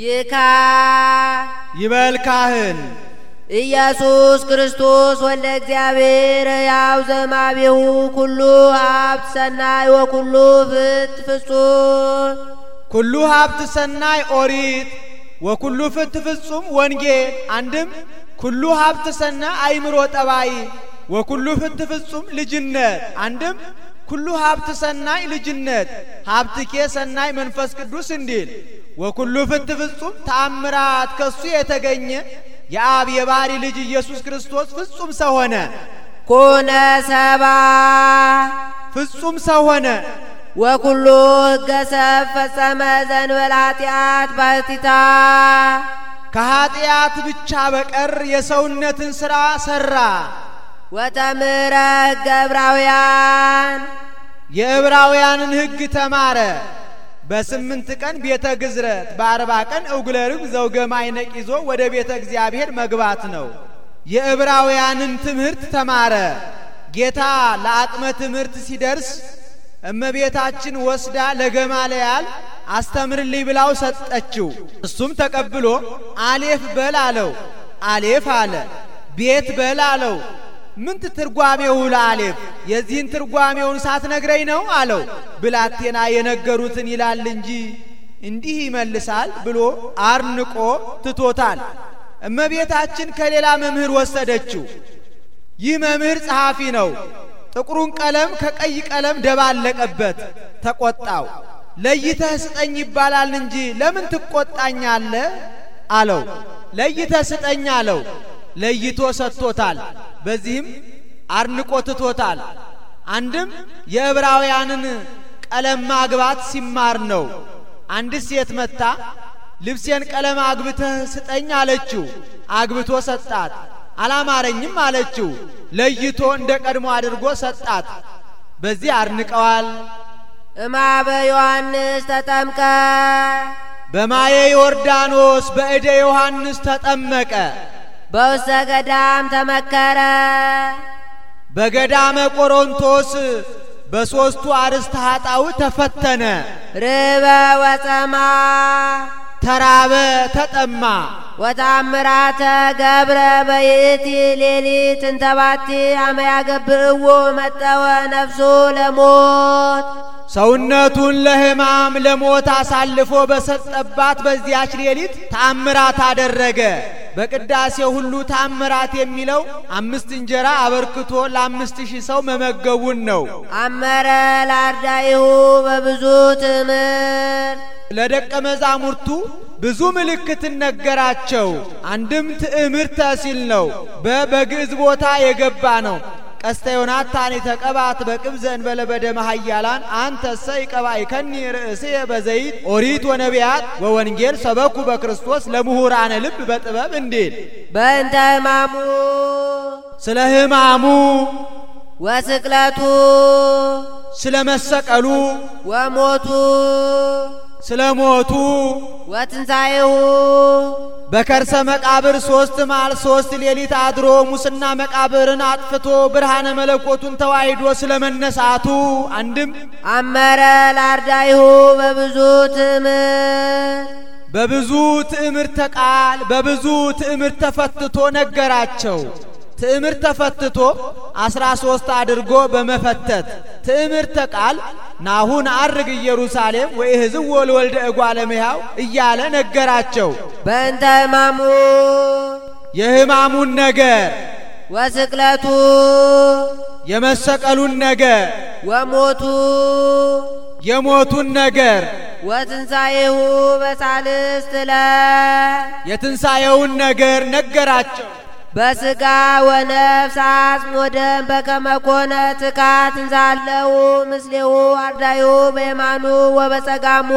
ይካ ይበል ካህን ኢየሱስ ክርስቶስ ወለ እግዚአብሔር ሕያው ዘማቤሁ ኩሉ ሀብት ሰናይ ወኩሉ ፍት ፍጹም ኩሉ ሀብት ሰናይ ኦሪት ወኩሉ ፍት ፍጹም ወንጌል አንድም ኩሉ ሀብት ሰና አይምሮ ጠባይ ወኩሉ ፍት ፍጹም ልጅነት አንድም ኩሉ ሀብት ሰናይ ልጅነት ሀብትኬ ሰናይ መንፈስ ቅዱስ እንዲል ወኩሉ ፍት ፍጹም ተአምራት ከሱ የተገኘ የአብ የባህሪ ልጅ ኢየሱስ ክርስቶስ ፍጹም ሰው ሆነ። ኮነ ሰባ ፍጹም ሰው ሆነ። ወኩሉ ሕገ ሰብ ፈጸመ ዘንበል ኃጢአት ባሕቲታ ከኃጢአት ብቻ በቀር የሰውነትን ሥራ ሠራ። ወተምረ ሕገ ዕብራውያን የዕብራውያንን ሕግ ተማረ። በስምንት ቀን ቤተ ግዝረት በአርባ ቀን እውግለርም ዘውገ ማይነቅ ይዞ ወደ ቤተ እግዚአብሔር መግባት ነው። የዕብራውያንን ትምህርት ተማረ። ጌታ ለአቅመ ትምህርት ሲደርስ እመቤታችን ወስዳ ለገማልያል አስተምርልኝ ብላው ሰጠችው። እሱም ተቀብሎ አሌፍ በል አለው። አሌፍ አለ። ቤት በል አለው። ምን ትርጓሜው ለአሌፍ የዚህን ትርጓሜውን ሳትነግረኝ ነው አለው። ብላቴና የነገሩትን ይላል እንጂ እንዲህ ይመልሳል ብሎ አርንቆ ትቶታል። እመቤታችን ከሌላ መምህር ወሰደችው። ይህ መምህር ጸሐፊ ነው። ጥቁሩን ቀለም ከቀይ ቀለም ደባለቀበት። ተቆጣው። ለይተህ ስጠኝ ይባላል እንጂ ለምን ትቆጣኛለ? አለው። ለይተህ ስጠኝ አለው። ለይቶ ሰጥቶታል። በዚህም አድንቆ ትቶታል። አንድም የዕብራውያንን ቀለም ማግባት ሲማር ነው። አንዲት ሴት መታ ልብሴን ቀለም አግብተህ ስጠኝ አለችው። አግብቶ ሰጣት። አላማረኝም አለችው። ለይቶ እንደ ቀድሞ አድርጎ ሰጣት። በዚህ አርንቀዋል። እማበ ዮሐንስ ተጠምቀ በማየ ዮርዳኖስ በእደ ዮሐንስ ተጠመቀ። በውስተ ገዳም ተመከረ። በገዳመ ቆሮንቶስ በሦስቱ አርእስተ ኃጣው ተፈተነ። ርበ ወጸማ ተራበ፣ ተጠማ። ወታምራተ ገብረ በይእቲ ሌሊት እንተባቲ አመያገብእዎ መጠወ ነፍሱ ለሞት ሰውነቱን ለሕማም ለሞት አሳልፎ በሰጠባት በዚያች ሌሊት ታምራት አደረገ። በቅዳሴ ሁሉ ታምራት የሚለው አምስት እንጀራ አበርክቶ ለአምስት ሺህ ሰው መመገቡን ነው። አመረ ላርዳይሁ በብዙ ትምህርት ለደቀ መዛሙርቱ ብዙ ምልክትን ነገራቸው። አንድም ትዕምርተ ሲል ነው። በግዕዝ ቦታ የገባ ነው። ቀስተ ዮናታን የተቀባት በቅብዘ እንበለ በደመ ኃያላን አንተ ሰይ ይቀባይ ከኒ ርእሴ በዘይት ኦሪት ወነቢያት ወወንጌል ሰበኩ በክርስቶስ ለምሁራነ ልብ በጥበብ እንዲል በእንተ ሕማሙ ስለ ህማሙ ወስቅለቱ ስለ መሰቀሉ ወሞቱ ስለ ሞቱ በከርሰ መቃብር ሶስት መዓል ሶስት ሌሊት አድሮ ሙስና መቃብርን አጥፍቶ ብርሃነ መለኮቱን ተዋሂዶ ስለ መነሳቱ አንድም አመረ ላርዳይሁ በብዙ ትዕምር በብዙ ትዕምርተ ቃል በብዙ ትዕምርተ ፈትቶ ነገራቸው። ትዕምርተ ተፈትቶ አስራ ሶስት አድርጎ በመፈተት ትዕምርተ ቃል ናሁን አርግ ኢየሩሳሌም ወኢህዝብ ወልወልደ እጓለ እመሕያው እያለ ነገራቸው። በእንተ ሕማሙ ነገር ወስቅለቱ የመሰቀሉን ነገር ወሞቱ የሞቱን ነገር ወትንሣኤሁ በሳልስት ዕለት የትንሣኤውን ነገር ነገራቸው። በስጋ ወነፍስ አጽም ወደም በከመኮነ ትካት እንዛለው ምስሌው አርዳዩ በየማኑ ወበጸጋሙ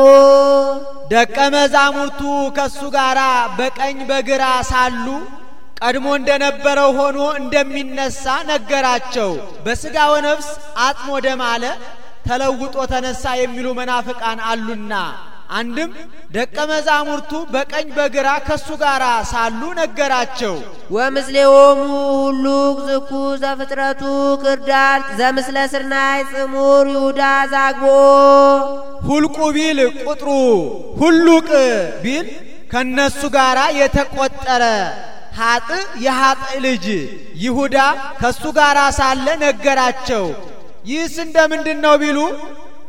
ደቀ መዛሙርቱ ከሱ ጋር በቀኝ በግራ ሳሉ ቀድሞ እንደነበረው ሆኖ እንደሚነሳ ነገራቸው። በስጋ ወነፍስ አጽም ወደም አለ ተለውጦ ተነሳ የሚሉ መናፍቃን አሉና አንድም ደቀ መዛሙርቱ በቀኝ በግራ ከሱ ጋር ሳሉ ነገራቸው። ወምስሌዎሙ ሁሉ ዝኩ ዘፍጥረቱ ክርዳድ ዘምስለ ስርናይ ጽሙር ይሁዳ ዛግቦ ሁልቁ ቢል ቁጥሩ ሁሉቅ ቢል ከነሱ ጋር የተቆጠረ ሀጥ የሀጥ ልጅ ይሁዳ ከሱ ጋር ሳለ ነገራቸው። ይህስ እንደምንድን ነው ቢሉ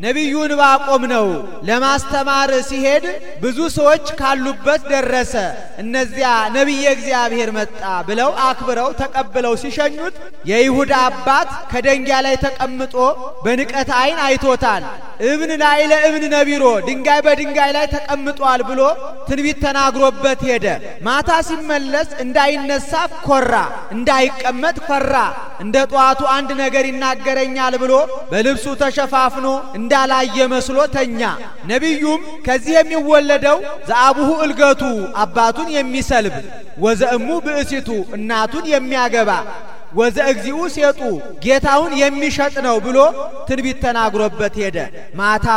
ነቢዩ ዕንባቆም ነው። ለማስተማር ሲሄድ ብዙ ሰዎች ካሉበት ደረሰ። እነዚያ ነቢየ እግዚአብሔር መጣ ብለው አክብረው ተቀብለው ሲሸኙት የይሁዳ አባት ከደንጊያ ላይ ተቀምጦ በንቀት ዓይን አይቶታል። እብን ላይለ እብን ነቢሮ፣ ድንጋይ በድንጋይ ላይ ተቀምጧል ብሎ ትንቢት ተናግሮበት ሄደ። ማታ ሲመለስ እንዳይነሳ ኮራ፣ እንዳይቀመጥ ፈራ። እንደ ጠዋቱ አንድ ነገር ይናገረኛል ብሎ በልብሱ ተሸፋፍኖ እንዳላየ መስሎ ተኛ። ነቢዩም ከዚህ የሚወለደው ዘአቡሁ እልገቱ አባቱን የሚሰልብ ወዘእሙ ብእሲቱ እናቱን የሚያገባ እግዚኡ ሴጡ ጌታውን የሚሸጥ ነው ብሎ ትንቢት ተናግሮበት ሄደ። ማታ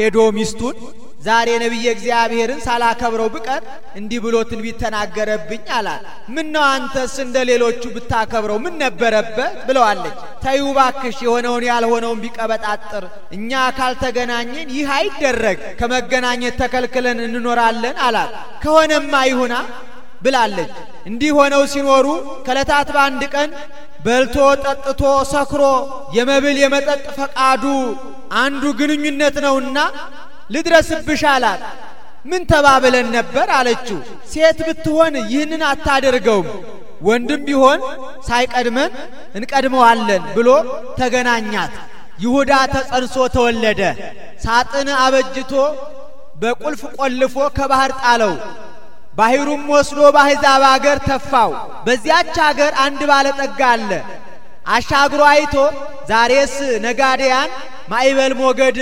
ሄዶ ሚስቱን ዛሬ ነቢየ እግዚአብሔርን ሳላከብረው ብቀር እንዲህ ብሎ ትንቢት ተናገረብኝ አላት። ምነው አንተስ እንደ ሌሎቹ ብታከብረው ምን ነበረበት ብለዋለች። ተይው እባክሽ የሆነውን ያልሆነውን ቢቀበጣጥር እኛ ካልተገናኘን ይህ አይደረግ ከመገናኘት ተከልክለን እንኖራለን አላት። ከሆነማ ይሁና ብላለች። እንዲህ ሆነው ሲኖሩ ከለታት በአንድ ቀን በልቶ ጠጥቶ ሰክሮ የመብል የመጠጥ ፈቃዱ አንዱ ግንኙነት ነውና ልድረስብሽ አላት። ምን ተባብለን ነበር አለችው። ሴት ብትሆን ይህንን አታደርገውም፣ ወንድም ቢሆን ሳይቀድመን እንቀድመዋለን ብሎ ተገናኛት። ይሁዳ ተጸንሶ ተወለደ። ሳጥን አበጅቶ በቁልፍ ቆልፎ ከባህር ጣለው። ባህሩም ወስዶ በአሕዛብ አገር ተፋው። በዚያች አገር አንድ ባለጠጋ አለ። አሻግሮ አይቶ ዛሬስ ነጋዴያን ማዕበል ሞገድ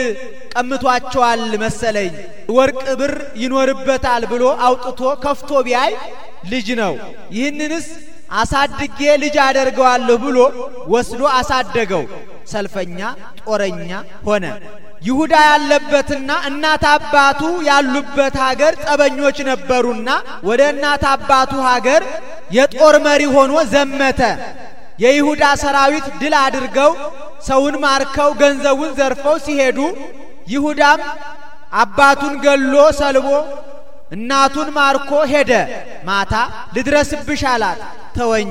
ቀምቷቸዋል መሰለኝ ወርቅ ብር ይኖርበታል ብሎ አውጥቶ ከፍቶ ቢያይ ልጅ ነው። ይህንንስ አሳድጌ ልጅ አደርገዋለሁ ብሎ ወስዶ አሳደገው። ሰልፈኛ ጦረኛ ሆነ። ይሁዳ ያለበትና እናት አባቱ ያሉበት ሀገር ጠበኞች ነበሩና ወደ እናት አባቱ ሀገር የጦር መሪ ሆኖ ዘመተ። የይሁዳ ሰራዊት ድል አድርገው ሰውን ማርከው ገንዘቡን ዘርፈው ሲሄዱ ይሁዳም አባቱን ገሎ ሰልቦ እናቱን ማርኮ ሄደ። ማታ ልድረስብሽ አላት። ተወኝ፣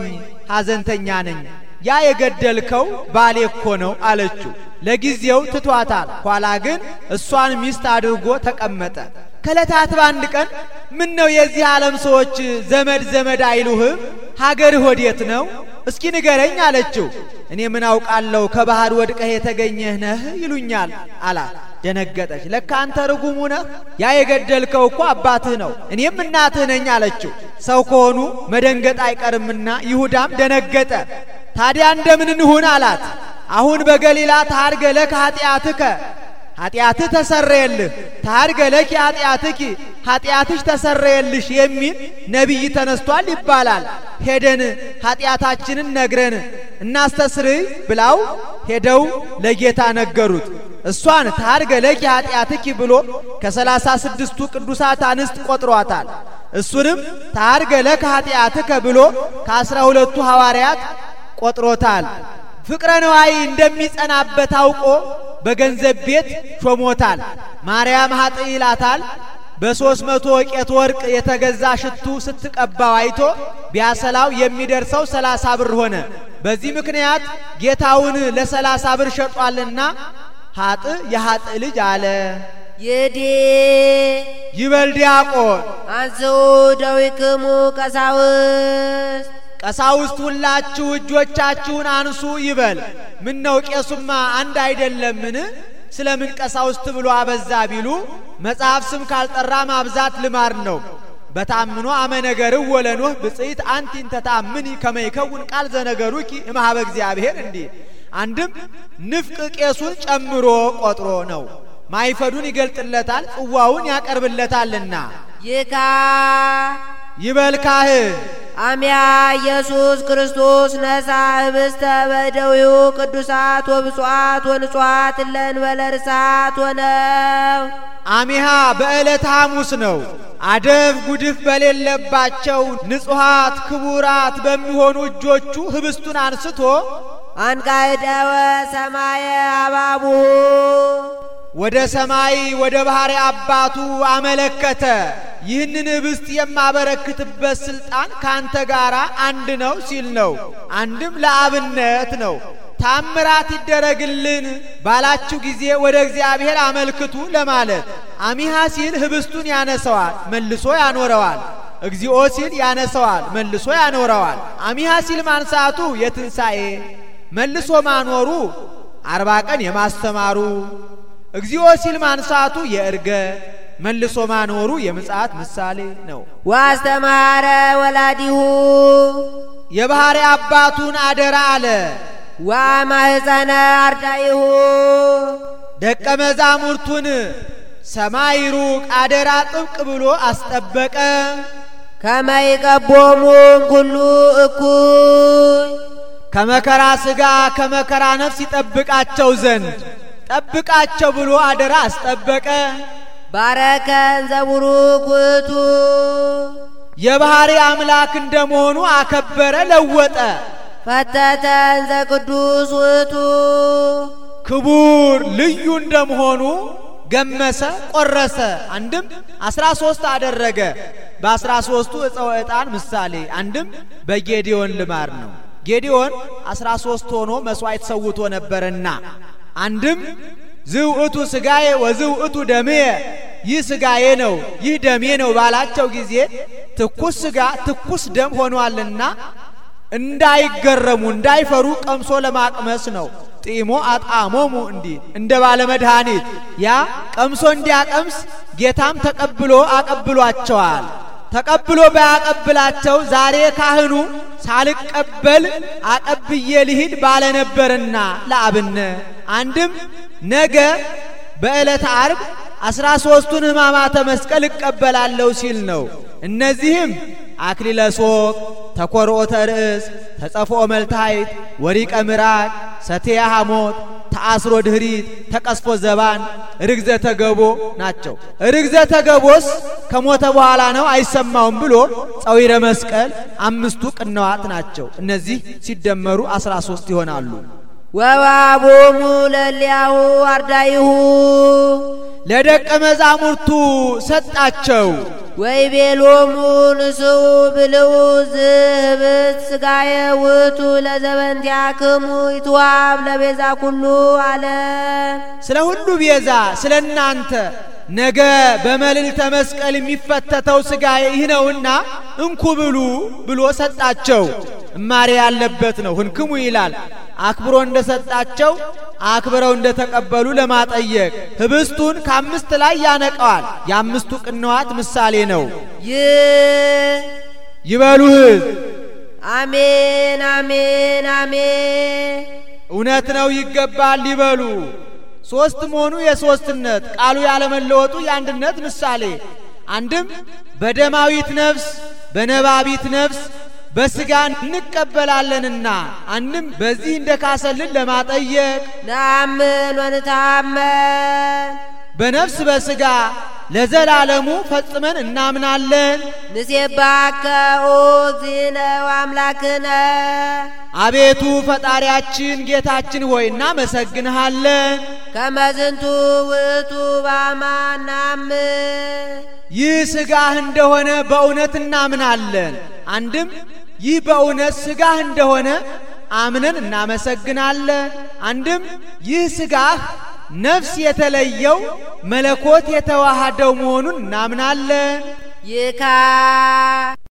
ሐዘንተኛ ነኝ፣ ያ የገደልከው ባሌ እኮ ነው አለችው። ለጊዜው ትቷታል። ኋላ ግን እሷን ሚስት አድርጎ ተቀመጠ። ከለታት በአንድ ቀን ምን ነው የዚህ ዓለም ሰዎች ዘመድ ዘመድ አይሉህም? ሀገርህ ወዴት ነው? እስኪ ንገረኝ አለችው። እኔ ምን አውቃለሁ ከባህር ወድቀህ የተገኘህ ነህ ይሉኛል አላት። ደነገጠች። ለካ አንተ ርጉሙ ነህ፣ ያ የገደልከው እኮ አባትህ ነው፣ እኔም እናትህ ነኝ አለችው። ሰው ከሆኑ መደንገጥ አይቀርምና ይሁዳም ደነገጠ። ታዲያ እንደምን እንሁን አላት። አሁን በገሊላ ታርገ ለከ ኃጢአትከ ኃጢአትህ ተሰረየልህ ታድገለኪ ኃጢአትኪ ኃጢአትሽ ተሰረየልሽ የሚል ነቢይ ተነስቷል ይባላል። ሄደን ኃጢአታችንን ነግረን እናስተስርይ ብላው ሄደው ለጌታ ነገሩት። እሷን ታድገለኪ ኃጢአትኪ ብሎ ከሰላሳ ስድስቱ ቅዱሳት አንስት ቆጥሯታል። እሱንም ታድገለከ ኃጢአትከ ብሎ ከአስራ ሁለቱ ሐዋርያት ቆጥሮታል። ፍቅረ ነዋይ እንደሚጸናበት አውቆ በገንዘብ ቤት ሾሞታል። ማርያም ሀጥ ይላታል። በሶስት መቶ ወቄት ወርቅ የተገዛ ሽቱ ስትቀባው አይቶ ቢያሰላው የሚደርሰው ሰላሳ ብር ሆነ። በዚህ ምክንያት ጌታውን ለሰላሳ ብር ሸጧልና ሀጥ የሀጥ ልጅ አለ። የዴ ይበል ዲያቆን አንዘው ዳዊክሙ ቀሳውስት ቀሳውስት ሁላችሁ እጆቻችሁን አንሱ ይበል። ምን ነው ቄሱማ አንድ አይደለምን? ስለምን ቀሳውስት ብሎ አበዛ ቢሉ መጽሐፍ ስም ካልጠራ ማብዛት ልማድ ነው። በታምኖ አመነገር ወለኖህ ብጽይት አንቲን ተታምኒ ከመይከውን ቃል ዘነገሩኪ እምኀበ እግዚአብሔር እንዲህ አንድም ንፍቅ ቄሱን ጨምሮ ቆጥሮ ነው። ማይፈዱን ይገልጥለታል፣ ጽዋውን ያቀርብለታልና ይካ ይበልካህ አሚያ ኢየሱስ ክርስቶስ ነሳ ህብስተ በደዊሁ ቅዱሳት ወብፁዓት ወንጹዓት እለ እንበለ ርሳት ሆነው አሚሃ በዕለተ ሐሙስ ነው። አደፍ ጉድፍ በሌለባቸው ንጹሐት ክቡራት በሚሆኑ እጆቹ ህብስቱን አንስቶ አንቃይደወ ሰማየ አባቡ! ወደ ሰማይ ወደ ባህሪ አባቱ አመለከተ። ይህንን ህብስት የማበረክትበት ስልጣን ካንተ ጋር አንድ ነው ሲል ነው። አንድም ለአብነት ነው። ታምራት ይደረግልን ባላችሁ ጊዜ ወደ እግዚአብሔር አመልክቱ ለማለት። አሚሃ ሲል ህብስቱን ያነሰዋል፣ መልሶ ያኖረዋል። እግዚኦ ሲል ያነሰዋል፣ መልሶ ያኖረዋል። አሚሃ ሲል ማንሳቱ የትንሣኤ መልሶ ማኖሩ አርባ ቀን የማስተማሩ እግዚኦ ሲል ማንሳቱ የእርገ መልሶ ማኖሩ የምጽአት ምሳሌ ነው። ዋስተማረ ወላዲሁ የባህሪ አባቱን አደራ አለ። ዋማህፀነ አርዳኢሁ ደቀ መዛሙርቱን ሰማይ ሩቅ አደራ ጥብቅ ብሎ አስጠበቀ። ከመይቀቦሙ ኩሉ እኩይ ከመከራ ስጋ ከመከራ ነፍስ ይጠብቃቸው ዘንድ ጠብቃቸው ብሎ አደራ አስጠበቀ። ባረከ እንዘቡሩክ ውእቱ የባህሪ አምላክ እንደመሆኑ አከበረ፣ ለወጠ። ፈተተ እንዘ ቅዱስ ውእቱ ክቡር ልዩ እንደመሆኑ ገመሰ፣ ቆረሰ። አንድም አስራ ሶስት አደረገ። በአስራ ሶስቱ እፀወ ዕጣን ምሳሌ አንድም በጌዲዮን ልማር ነው። ጌዲዮን አስራ ሶስት ሆኖ መስዋዕት ሰውቶ ነበርና አንድም ዝውዕቱ ስጋዬ ወዝውዕቱ ደሜ፣ ይህ ስጋዬ ነው፣ ይህ ደሜ ነው ባላቸው ጊዜ ትኩስ ስጋ ትኩስ ደም ሆኗልና እንዳይገረሙ እንዳይፈሩ ቀምሶ ለማቅመስ ነው። ጢሞ አጣሞሙ እንዲ እንደ ባለመድኃኒት ያ ቀምሶ እንዲያቀምስ ጌታም ተቀብሎ አቀብሏቸዋል። ተቀብሎ ባያቀብላቸው ዛሬ ካህኑ ሳልቀበል አቀብዬ ልሂድ ነበርና ለአብነ አንድም ነገ በዕለተ አርብ አስራ ሶስቱን ሕማማተ መስቀል እቀበላለሁ ሲል ነው። እነዚህም አክሊለ ሶቅ፣ ተኰርዖተ ርእስ፣ ተጸፍኦ መልታይት፣ ወሪቀ ምራቅ፣ ሰቴያ ሐሞት ተአስሮ ድህሪት፣ ተቀስፎ ዘባን፣ ርግዘተ ገቦ ናቸው። ርግዘተ ገቦስ ከሞተ በኋላ ነው አይሰማውም ብሎ ጸዊረ መስቀል አምስቱ ቅነዋት ናቸው። እነዚህ ሲደመሩ አስራ ሶስት ይሆናሉ። ወባቦሙ ለሊያሁ አርዳይሁ ለደቀ መዛሙርቱ ሰጣቸው። ወይ ወይቤሎሙ ንስኡ ብለው ዝህብት ስጋየ ውእቱ ለዘበንቲአክሙ ይትዋብ ለቤዛ ኩሉ አለ። ስለ ሁሉ ቤዛ ስለ እናንተ ነገ በመልዕልተ መስቀል የሚፈተተው ስጋዬ ይህ ነውና እንኩ ብሉ ብሎ ሰጣቸው። እማሬ ያለበት ነው። ህንክሙ ይላል አክብሮ እንደሰጣቸው አክብረው እንደተቀበሉ ለማጠየቅ ህብስቱን ከአምስት ላይ ያነቀዋል። የአምስቱ ቅንዋት ምሳሌ ነው። ይበሉ ህዝብ አሜን፣ አሜን፣ አሜን። እውነት ነው፣ ይገባል። ይበሉ። ሶስት መሆኑ የሶስትነት ቃሉ ያለመለወጡ የአንድነት ምሳሌ አንድም በደማዊት ነፍስ በነባቢት ነፍስ በስጋ እንቀበላለንና አንም በዚህ እንደካሰልን ለማጠየቅ ናምን ወንታመን በነፍስ በስጋ ለዘላለሙ ፈጽመን እናምናለን። ንሴባከ ኦዚነ ወአምላክነ አቤቱ ፈጣሪያችን ጌታችን ሆይ እናመሰግንሃለን። ከመዝንቱ ውእቱ ባማናም ይህ እንደሆነ በእውነት እናምናለን። አንድም ይህ በእውነት ስጋህ እንደሆነ አምነን እናመሰግናለን። አንድም ይህ ስጋህ ነፍስ የተለየው መለኮት የተዋሃደው መሆኑን እናምናለን። ይካ